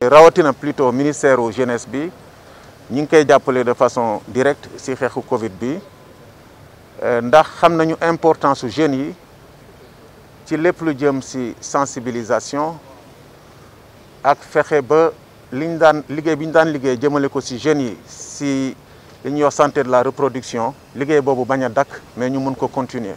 rawatina plutôt ministère u jeunesse bi ñing ngi koy jàppale de façon directe ci xeexu Covid bi euh, ndax xamnañu importance su jeunes yi ci lepp lu jëm ci sensibilisation ak fexé ba liñ daan liggéey biñ ñu daan liggéey jëmele ko ci jeunes yi ci li santé de la reproduction liggéey bobu baña dak mais ñu mën ko continuer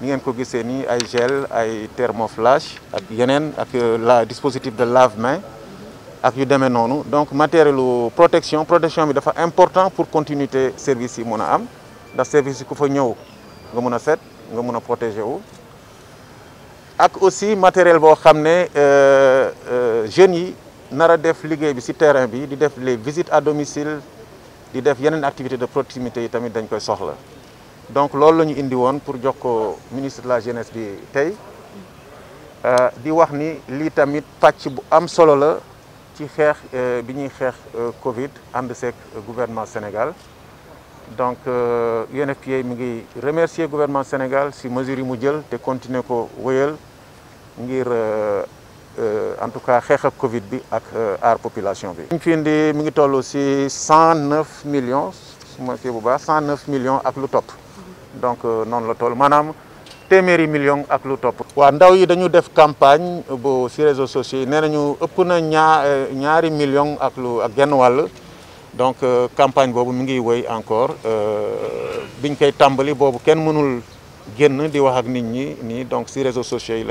ni ngeen ko gisee nii ay gel ay thermoflash ak yeneen ak euh, la dispositif de lave-main ak yu demee noonu donc matérielu protection protection bi dafa important pour continuité service yi mun a am ndax service yi ku fa ñëw nga mun a set nga mun protéger wu. ak aussi matériel boo xam ne euh, euh, jeunes yi nar def liggéey bi ci terrain bi di def les visites à domicile di def yeneen activité de proximité yi tamit dañ koy soxla donc loolu la indi pour jox ko ministre de la jeunesse bi tey euh, di wax ni lii tamit pàcc bu am solo la ci fait euh, bi ñuy euh, Covid avec le gouvernement Sénégal donc l'UNFPA a remercié remercier gouvernement Sénégal si mesures yi mu jël te continuer ko wéyal ngir en tout cas xeex ak Covid bi ak population bi. ñu fi indi mi ngi si cent millions su ma bu millions ak lu top donc euh, non, la tol manam téméri millions ak lu top wa ndaw yi dañu def campagne bu les réseaux sociaux Nous ëpp na euh, ñaari ak donc euh, campagne encore biñ koy mënul donc réseaux sociaux